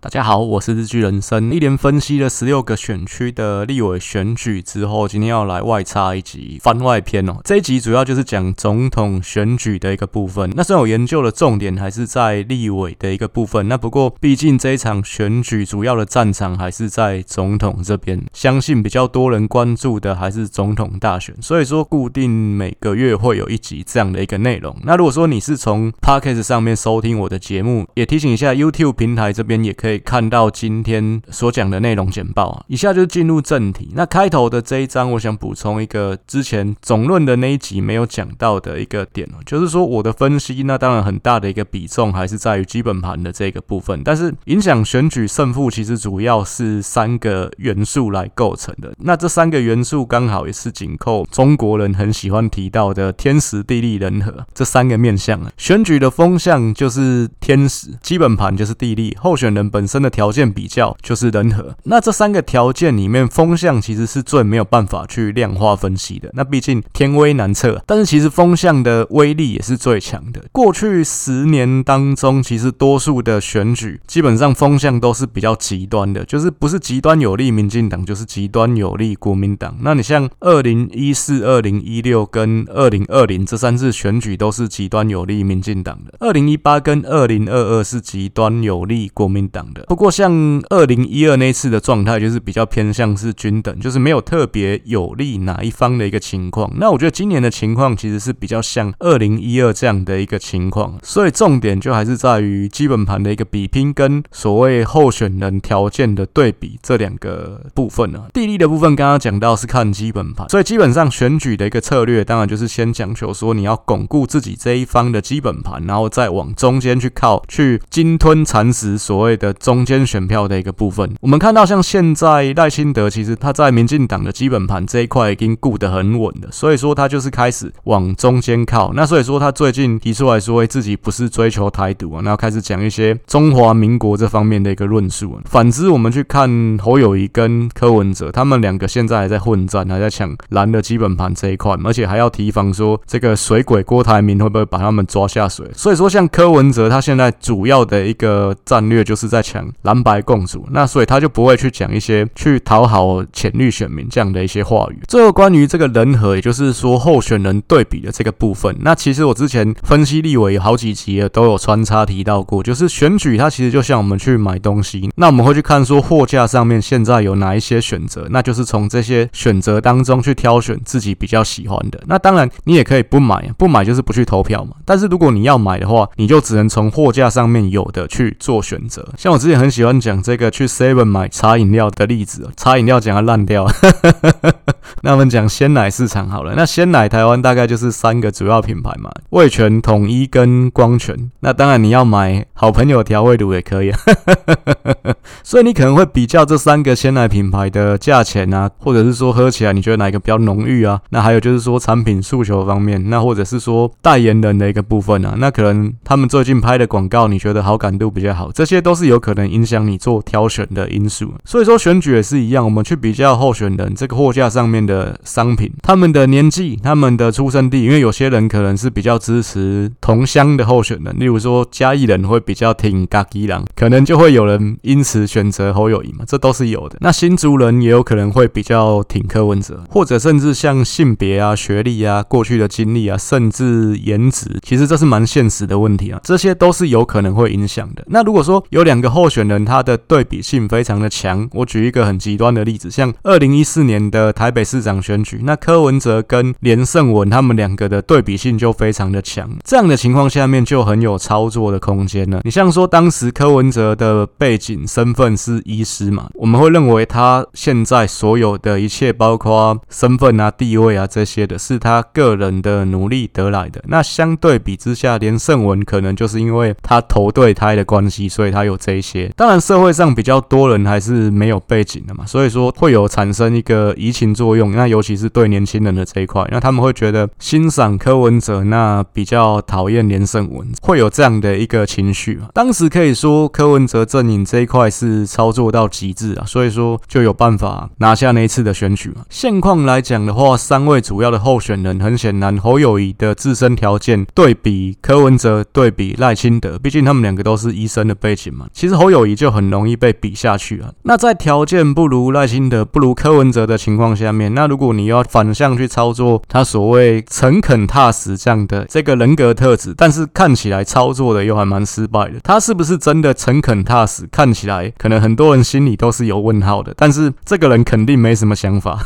大家好，我是日劇人生。一連分析了十六個選區的立委選舉之後，今天要來外插一集番外篇哦。這一集主要就是講總統選舉的一個部分。那雖然我研究的重點還是在立委的一個部分，那不過畢竟這一場選舉主要的戰場還是在總統這邊，相信比較多人關注的還是總統大選。所以說，固定每個月會有一集這樣的一個內容。那如果說你是從 Podcast 上面收聽我的節目，也提醒一下 YouTube 平台這邊也可以。可以看到今天所講的內容簡報啊，以下就進入正題。那開頭的這一章，我想補充一個之前總論的那一集沒有講到的一個點哦，就是說我的分析，那當然很大的一個比重還是在於基本盤的這個部分，但是影響選舉勝負其實主要是三個元素來構成的。那這三個元素剛好也是緊扣中國人很喜歡提到的天時、地利、人和這三個面向啊。選舉的風向就是天時，基本盤就是地利，候選人本。本身的條件比較就是人和，那這三個條件裡面，風向其實是最沒有辦法去量化分析的。那畢竟天威難測，但是其實風向的威力也是最強的。過去十年當中，其實多數的選舉基本上風向都是比較極端的，就是不是極端有利民進黨，就是極端有利國民黨。那你像二零一四、二零一六跟二零二零這三次選舉都是極端有利民進黨的，二零一八跟二零二二是極端有利國民黨。不過，像二零一二那次的狀態，就是比較偏向是均等，就是沒有特別有利哪一方的一個情況。那我覺得今年的情況其實是比較像二零一二這樣的一個情況，所以重點就還是在於基本盤的一個比拼跟所謂候選人條件的對比這兩個部分啊，地利的部分剛剛講到是看基本盤，所以基本上選舉的一個策略，當然就是先講求說你要鞏固自己這一方的基本盤，然後再往中間去靠，去鯨吞蠶食所謂的。中間選票的一個部分，我們看到像現在賴清德，其實他在民進黨的基本盤這一塊已經顧得很穩了，所以說他就是開始往中間靠。那所以說他最近提出來說自己不是追求台獨啊，然後開始講一些中華民國這方面的一個論述啊。反之，我們去看侯友宜跟柯文哲，他們兩個現在還在混戰，還在搶藍的基本盤這一塊，而且還要提防說這個水鬼郭台銘會不會把他們抓下水。所以說，像柯文哲他現在主要的一個戰略就是在。強藍白共主，那所以他就不會去講一些去討好淺綠選民這樣的一些話語。最後關於這個人和，也就是說候選人對比的這個部分，那其實我之前分析立委有好幾集都有穿插提到過。就是選舉它其實就像我們去買東西，那我們會去看說貨架上面現在有哪一些選擇，那就是從這些選擇當中去挑選自己比較喜歡的。那當然你也可以不買，不買就是不去投票嘛。但是如果你要買的話，你就只能從貨架上面有的去做選擇。像我。我之前很喜歡講這個去 Seven 買茶飲料的例子喔，茶飲料講它爛掉。 那我們講鮮奶市場好了，那鮮奶台灣大概就是三個主要品牌嘛，味全、統一跟光泉。那當然你要買好朋友調味乳也可以啊。所以你可能會比較這三個鮮奶品牌的價錢啊，或者是說喝起來你覺得哪一個比較濃郁啊？那還有就是說產品訴求方面，那或者是說代言人的一個部分啊，那可能他們最近拍的廣告你覺得好感度比較好，這些都是有可。可能影響你做挑選的因素，所以說選舉也是一樣。我們去比較候選人這個貨架上面的商品，他們的年紀、他們的出生地，因為有些人可能是比較支持同鄉的候選人，例如說嘉義人會比較挺家己人，可能就會有人因此選擇侯友宜嘛，這都是有的。那新竹人也有可能會比較挺柯文哲，或者甚至像性別啊、學歷啊、過去的經歷啊，甚至顏值，其實這是蠻現實的問題啊，這些都是有可能會影響的。那如果說有兩個，候選人他的對比性非常的強，我舉一個很極端的例子，像二零一四年的台北市長選舉，那柯文哲跟連勝文他們兩個的對比性就非常的強，這樣的情況下面就很有操作的空間了。你像說當時柯文哲的背景身份是醫師嘛，我們會認為他現在所有的一切，包括身份啊、地位啊這些的，是他個人的努力得來的。那相對比之下，連勝文可能就是因為他投對胎的關係，所以他有這一。一些當然，社會上比較多人還是沒有背景的嘛，所以說會有產生一個移情作用。那尤其是對年輕人的這一塊，那他們會覺得欣賞柯文哲，那比較討厭連勝文，會有這樣的一個情緒。當時可以說柯文哲陣營這一塊是操作到極致啊，所以說就有辦法拿下那一次的選舉。現況來講的話，三位主要的候選人，很顯然侯友宜的自身條件對比柯文哲，對比賴清德，畢竟他們兩個都是醫生的背景嘛。其其實侯友宜就很容易被比下去了，啊。那在條件不如賴清德、不如柯文哲的情況下面，那如果你要反向去操作他所謂誠懇踏實這樣的這個人格特質，但是看起來操作的又還蠻失敗的，他是不是真的誠懇踏實？看起來可能很多人心裡都是有問號的。但是這個人肯定沒什麼想法，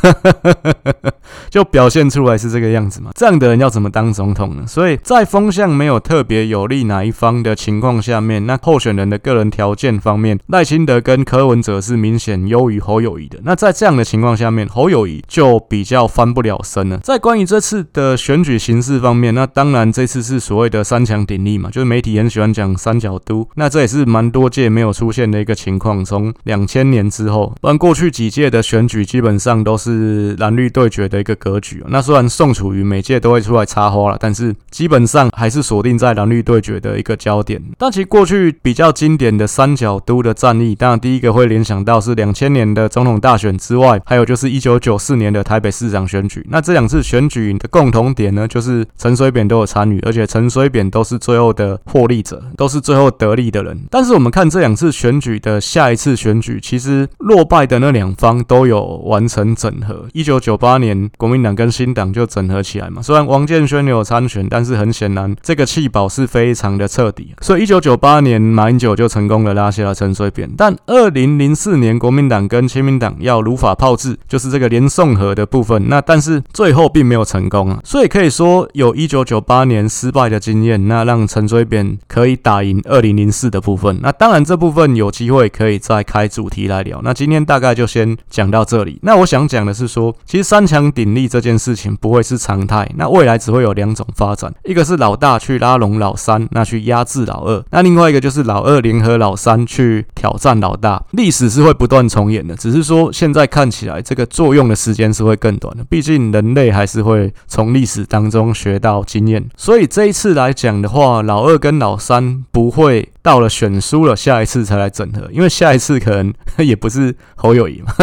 就表現出來是這個樣子嘛？這樣的人要怎麼當總統呢？所以在風向沒有特別有利哪一方的情況下面，那候選人的個人條。條件方面，賴清德跟柯文哲是明顯優於侯友宜的。那在這樣的情況下面，侯友宜就比較翻不了身了。在關於這次的選舉形勢方面，那當然這次是所謂的三強鼎立嘛，就是媒體很喜歡講三角都。那這也是蠻多屆沒有出現的一個情況。從兩千年之後，不然過去幾屆的選舉基本上都是藍綠對決的一個格局啊。那雖然宋楚瑜每屆都會出來插花啦，但是基本上還是鎖定在藍綠對決的一個焦點。但其實過去比較經典的三。三角都的戰役，當然第一個會聯想到是兩千年的總統大選之外，還有就是一九九四年的台北市長選舉。那這兩次選舉的共同點呢，就是陳水扁都有參與，而且陳水扁都是最後的獲利者，都是最後得利的人。但是我們看這兩次選舉的下一次選舉，其實落敗的那兩方都有完成整合。一九九八年國民黨跟新黨就整合起來嘛，雖然王建煊也有參選，但是很顯然這個棄保是非常的徹底，所以一九九八年馬英九就成功了。拉下了陳水扁，但二零零四年國民黨跟親民黨要如法炮制，就是這個連宋和的部分，那但是最後並沒有成功啊，所以可以說有一九九八年失敗的經驗，那讓陳水扁可以打贏二零零四的部分，那當然這部分有機會可以再開主題來聊。那今天大概就先講到這裡。那我想講的是說，其實三強鼎立這件事情不會是常態，那未來只會有兩種發展，一個是老大去拉攏老三，那去壓制老二，那另外一個就是老二聯合老。三去挑戰老大，歷史是會不斷重演的，只是說現在看起來這個作用的時間是會更短的，畢竟人類還是會從歷史當中學到經驗，所以這一次來講的話，老二跟老三不會。到了選輸了，下一次才來整合，因為下一次可能也不是侯友宜嘛，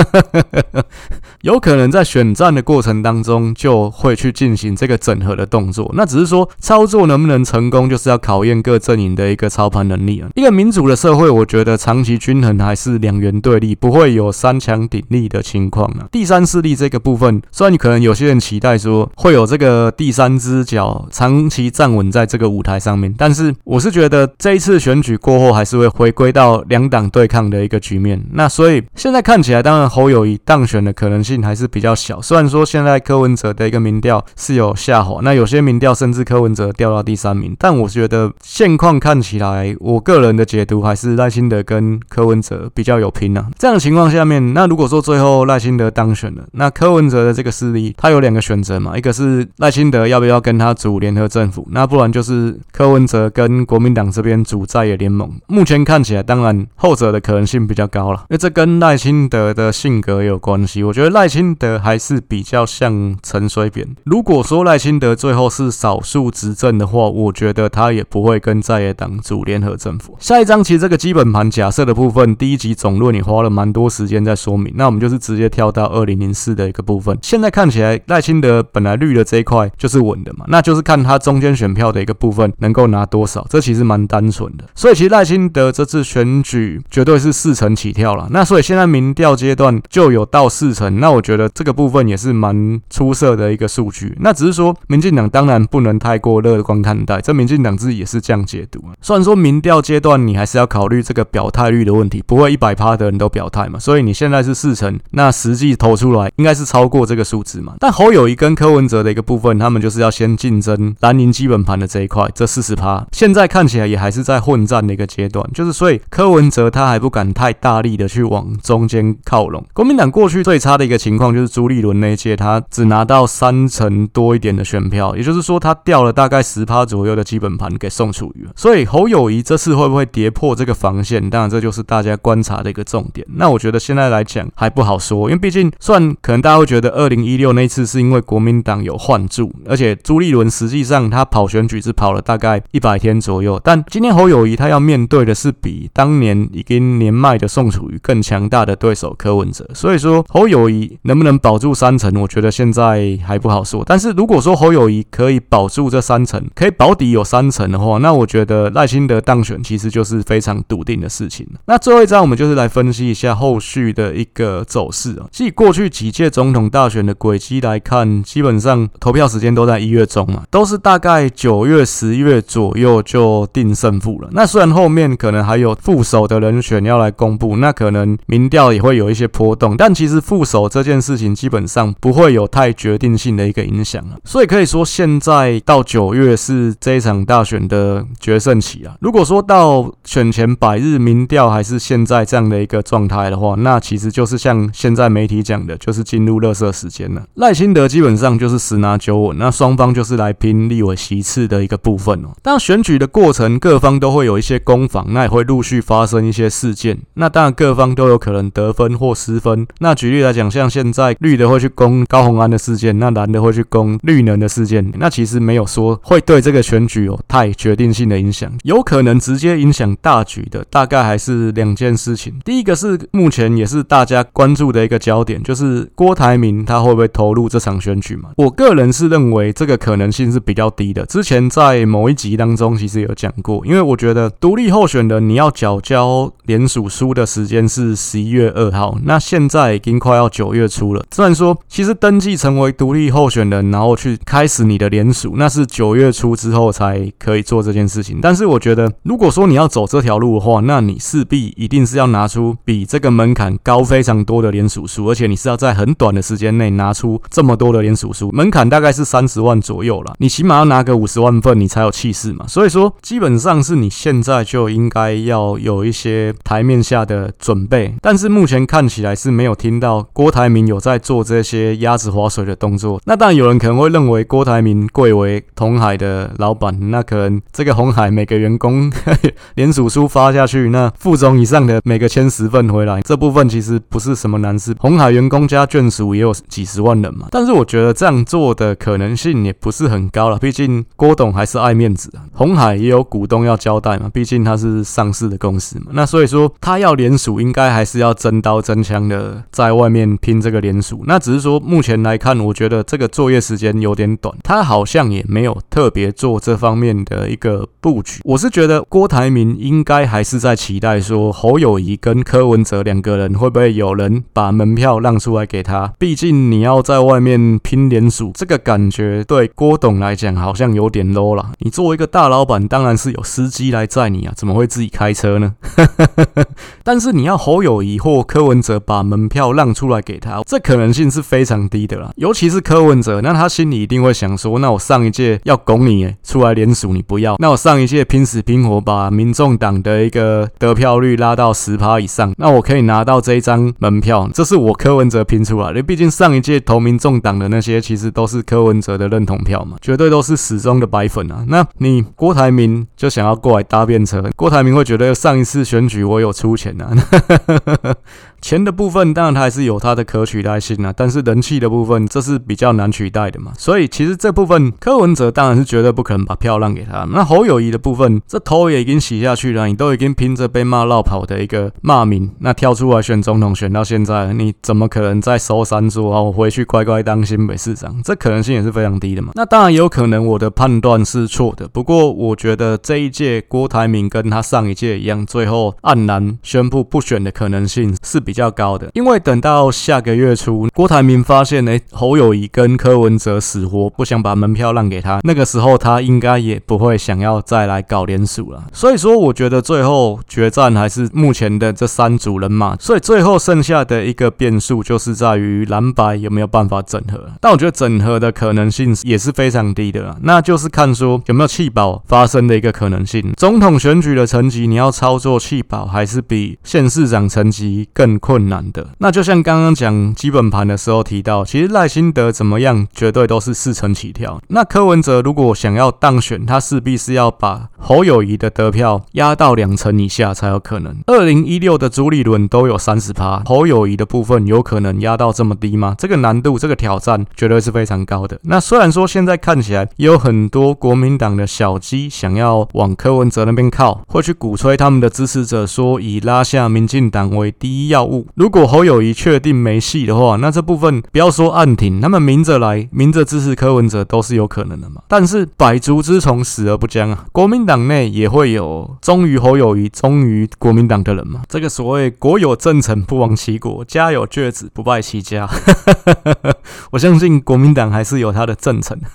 有可能在選戰的過程當中就會去進行這個整合的動作。那只是說操作能不能成功，就是要考驗各陣營的一個操盤能力了、啊。一個民主的社會，我覺得長期均衡還是二元對立，不會有三強鼎立的情況呢、啊。第三勢力這個部分，雖然你可能有些人期待說會有這個第三隻腳長期站穩在這個舞台上面，但是我是覺得這一次選舉。過後還是會回歸到兩黨對抗的一個局面。那所以現在看起來，當然侯友宜當選的可能性還是比較小。雖然說現在柯文哲的一個民調是有下滑，那有些民調甚至柯文哲掉到第三名。但我覺得現況看起來，我個人的解讀還是賴清德跟柯文哲比較有拼啊。這樣的情況下面，那如果說最後賴清德當選了，那柯文哲的這個勢力，他有兩個選擇嘛，一個是賴清德要不要跟他組聯合政府，那不然就是柯文哲跟國民黨這邊組在野聯盟目前看起來，當然後者的可能性比較高了，因為這跟賴清德的性格也有關係。我覺得賴清德還是比較像陳水扁。如果說賴清德最後是少數執政的話，我覺得他也不會跟在野黨組聯合政府。下一張，其實這個基本盤假設的部分，第一集總論你花了蠻多時間在說明，那我們就是直接跳到二零零四的一個部分。現在看起來賴清德本來綠的這一塊就是穩的嘛，那就是看他中間選票的一個部分能夠拿多少，這其實蠻單純的。所以。其實，賴清德這次選舉絕對是四成起跳了。那所以現在民調階段就有到四成，那我覺得這個部分也是蠻出色的一個數據。那只是說，民進黨當然不能太過樂觀看待，這民進黨自己也是這樣解讀。雖然說民調階段你還是要考慮這個表態率的問題，不會一百趴的人都表態嘛。所以你現在是四成，那實際投出來應該是超過這個數值嘛。但侯友宜跟柯文哲的一個部分，他們就是要先競爭藍營基本盤的這一塊，這四十趴，現在看起來也還是在混戰的一個階段，就是所以柯文哲他還不敢太大力的去往中間靠攏。國民黨過去最差的一個情況就是朱立倫那一屆，他只拿到三成多一點的選票，也就是說他掉了大概十趴左右的基本盤給宋楚瑜。所以侯友宜這次會不會跌破這個防線？當然這就是大家觀察的一個重點。那我覺得現在來講還不好說，因為畢竟算可能大家會覺得二零一六那次是因為國民黨有換柱，而且朱立倫實際上他跑選舉只跑了大概一百天左右，但今天侯友宜他。要面對的是比當年已經年邁的宋楚瑜更強大的對手柯文哲，所以說侯友宜能不能保住三成，我覺得現在還不好說。但是如果說侯友宜可以保住這三成，可以保底有三成的話，那我覺得賴清德當選其實就是非常篤定的事情。那最後一張，我們就是來分析一下後續的一個走勢啊。以過去幾屆總統大選的軌跡來看，基本上投票時間都在一月中嘛，都是大概九月、十月左右就定勝負了。那所但後面可能還有副手的人選要來公布，那可能民調也會有一些波動。但其實副手這件事情基本上不會有太決定性的一個影響啊。所以可以說，現在到九月是這一場大選的決勝期啊。如果說到選前百日民調還是現在這樣的一個狀態的話，那其實就是像現在媒體講的，就是進入垃圾時間了、啊。賴清德基本上就是十拿九穩，那雙方就是來拼立委席次的一個部分哦、啊。但選舉的過程，各方都會有。一些攻防，那也會陸續發生一些事件。那當然，各方都有可能得分或失分。那舉例來講，像現在綠的會去攻高虹安的事件，那藍的會去攻綠能的事件。那其實沒有說會對這個選舉有太決定性的影響。有可能直接影響大局的，大概還是兩件事情。第一個是目前也是大家關注的一個焦點，就是郭台銘他會不會投入這場選舉嘛？我個人是認為這個可能性是比較低的。之前在某一集當中，其實有講過，因為我覺得。獨立候選人你要繳交聯署書的時間是十一月二號，那現在已經快要九月初了。雖然說其實登記成為獨立候選人，然後去開始你的聯署，那是九月初之後才可以做這件事情。但是我覺得，如果說你要走這條路的話，那你勢必一定是要拿出比這個門檻高非常多的聯署書，而且你是要在很短的時間內拿出這麼多的聯署書。門檻大概是三十萬左右啦，你起碼要拿個五十萬份，你才有氣勢嘛。所以說，基本上是你現現在就應該要有一些台面下的準備，但是目前看起來是沒有聽到郭台銘有在做這些鴨子划水的動作。那當然有人可能會認為郭台銘貴為鴻海的老闆，那可能這個鴻海每個員工呵呵連署書發下去，那副總以上的每個簽十份回來，這部分其實不是什麼難事。鴻海員工加眷屬也有幾十萬人嘛，但是我覺得這樣做的可能性也不是很高了，畢竟郭董還是愛面子啊，鴻海也有股東要交代嘛。畢竟他是上市的公司嘛，那所以說他要聯署，應該還是要真刀真槍的在外面拼這個聯署。那只是說目前來看，我覺得這個作業時間有點短，他好像也沒有特別做這方面的一個布局。我是覺得郭台銘應該還是在期待說侯友宜跟柯文哲兩個人會不會有人把門票讓出來給他。畢竟你要在外面拼聯署，這個感覺對郭董來講好像有點 low 啦，你作為一個大老板，當然是有司機來招。帶你啊？怎麼會自己開車呢？ 但是你要侯友宜或柯文哲把門票讓出來給他，這可能性是非常低的啦。尤其是柯文哲，那他心裡一定會想說：那我上一屆要拱你，欸，出來連署，你不要；那我上一屆拼死拼活把民眾黨的一個得票率拉到十趴以上，那我可以拿到這一張門票，這是我柯文哲拼出來的，畢竟上一屆投民眾黨的那些，其實都是柯文哲的認同票嘛，絕對都是死忠的白粉啊。那你郭台銘就想要過來搭。變成郭台銘會覺得，上一次選舉我有出錢啊，哈哈哈哈錢的部分當然它還是有它的可取代性啊，但是人氣的部分這是比較難取代的嘛。所以其實這部分柯文哲當然是絕對不可能把票讓給他。那侯友宜的部分，這頭也已經洗下去了、啊，你都已經憑着被罵落跑的一個罵名，那跳出來選總統選到現在，你怎麼可能再收三桌啊？我回去乖乖當新北市長，這可能性也是非常低的嘛。那當然有可能我的判斷是錯的，不過我覺得這一屆郭台銘跟他上一屆一樣，最後黯然宣布不選的可能性是。比較高的，因為等到下個月初，郭台銘發現誒、欸、侯友宜跟柯文哲死活不想把門票讓給他，那個時候他應該也不會想要再來搞連署了。所以說，我覺得最後決戰還是目前的這三組人馬。所以最後剩下的一個變數就是在於藍白有沒有辦法整合，但我覺得整合的可能性也是非常低的。那就是看說有沒有棄保發生的一個可能性。總統選舉的成績，你要操作棄保還是比縣市長成績更高。困難的。那就像剛剛講基本盤的時候提到，其實賴清德怎麼樣，絕對都是四成起跳。那柯文哲如果想要當選，他勢必是要把侯友宜的得票壓到兩成以下才有可能。二零一六的朱立倫都有三十趴，侯友宜的部分有可能壓到這麼低嗎？這個難度，這個挑戰絕對是非常高的。那雖然說現在看起來有很多國民黨的小雞想要往柯文哲那邊靠，會去鼓吹他們的支持者說，以拉下民進黨為第一要務。如果侯友宜確定沒戲的話，那這部分不要說暗挺，他們明着來，明着支持柯文哲都是有可能的嘛。但是百足之蟲，死而不僵啊，國民黨內也會有忠於侯友宜、忠於國民黨的人嘛。這個所謂國有諍臣，不亡其國，家有倔子，不敗其家， 我相信國民黨還是有他的諍臣。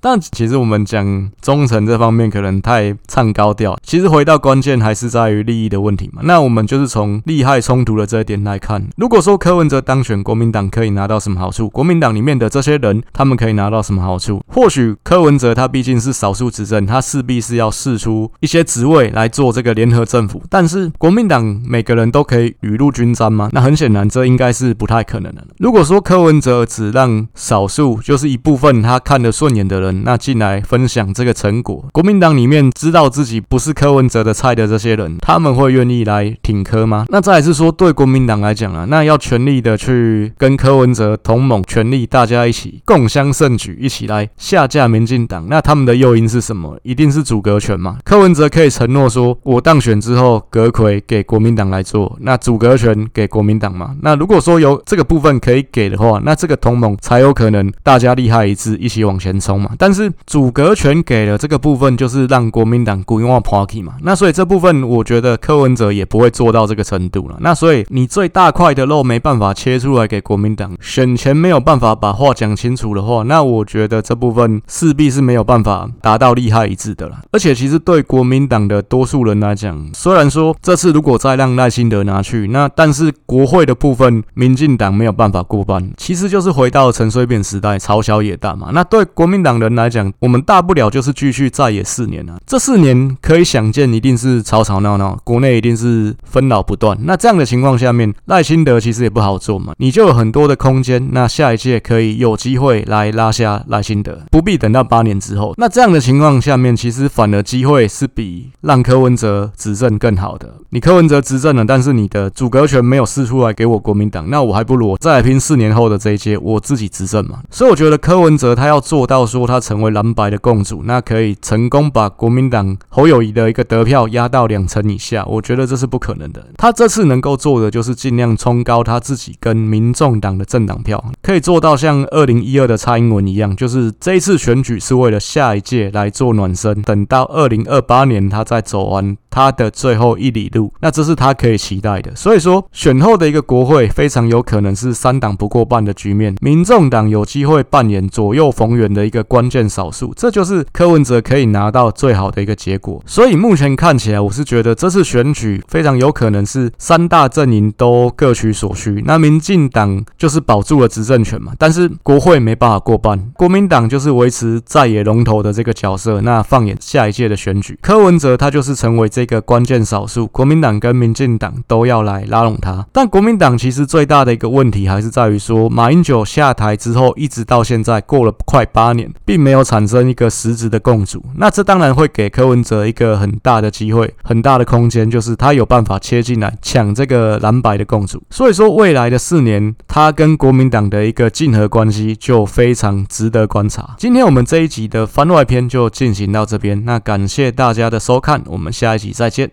但其實我們講忠誠這方面可能太唱高調，其實回到關鍵還是在於利益的問題嘛。那我們就是從利害衝突的這一點來看，如果說柯文哲當選，國民黨可以拿到什麼好處？國民黨裡面的這些人，他們可以拿到什麼好處？或許柯文哲他畢竟是少數執政，他勢必是要釋出一些職位來做這個聯合政府。但是國民黨每個人都可以雨露均沾嗎？那很顯然，這應該是不太可能的。如果說柯文哲只讓少數，就是一部分他看得順眼的人。那進來分享這個成果，國民黨裡面知道自己不是柯文哲的菜的這些人，他們會願意來挺柯嗎？那再來是說，對國民黨來講啊，那要全力的去跟柯文哲同盟，全力大家一起共襄盛舉，一起來下架民進黨。那他們的誘因是什麼？一定是組閣權嘛？柯文哲可以承諾說，我當選之後，閣揆給國民黨來做，那組閣權給國民黨嘛？那如果說有這個部分可以給的話，那這個同盟才有可能大家利害一致，一起往前衝嘛？但是阻隔權給了這個部分，就是讓國民黨雇傭忘 party 嘛。那所以這部分我覺得柯文哲也不會做到這個程度了。那所以你最大塊的肉沒辦法切出來給國民黨，選前沒有辦法把話講清楚的話，那我覺得這部分勢必是沒有辦法達到利害一致的了。而且其實對國民黨的多數人來講，雖然說這次如果再讓賴心德拿去，那但是國會的部分民進黨沒有辦法過半，其實就是回到陳水扁時代朝小野大嘛。那對國民黨的。來講，我們大不了就是繼續再野四年啊。這四年可以想見，一定是吵吵鬧鬧，國內一定是紛擾不斷。那這樣的情況下面，賴清德其實也不好做嘛，你就有很多的空間。那下一屆可以有機會來拉下賴清德，不必等到八年之後。那這樣的情況下面，其實反而機會是比讓柯文哲執政更好的。你柯文哲執政了，但是你的組閣權沒有釋出來給我國民黨，那我還不如我再來拼四年後的這一屆，我自己執政嘛。所以我覺得柯文哲他要做到說他。成為藍白的共主，那可以成功把國民黨侯友宜的一個得票壓到兩成以下，我覺得這是不可能的。他這次能夠做的就是盡量衝高他自己跟民眾黨的政黨票，可以做到像二零一二的蔡英文一樣，就是這一次選舉是為了下一屆來做暖身，等到二零二八年他再走完他的最後一里路，那這是他可以期待的。所以說，選後的一個國會非常有可能是三黨不過半的局面，民眾黨有機會扮演左右逢源的一個關見少數，這就是柯文哲可以拿到最好的一個結果。所以目前看起來，我是覺得這次選舉非常有可能是三大陣營都各取所需。那民進黨就是保住了執政權嘛，但是國會沒辦法過半。國民黨就是維持在野龍頭的這個角色。那放眼下一屆的選舉，柯文哲他就是成為這個關鍵少數，國民黨跟民進黨都要來拉攏他。但國民黨其實最大的一個問題還是在於說，馬英九下台之後，一直到現在過了快八年，並沒有產生一個實質的共主。那這當然會給柯文哲一個很大的機會、很大的空間，就是他有辦法切進來搶這個藍白的共主。所以說，未來的四年，他跟國民黨的一個競合關係就非常值得觀察。今天我們這一集的番外篇就進行到這邊，那感謝大家的收看，我們下一集再見。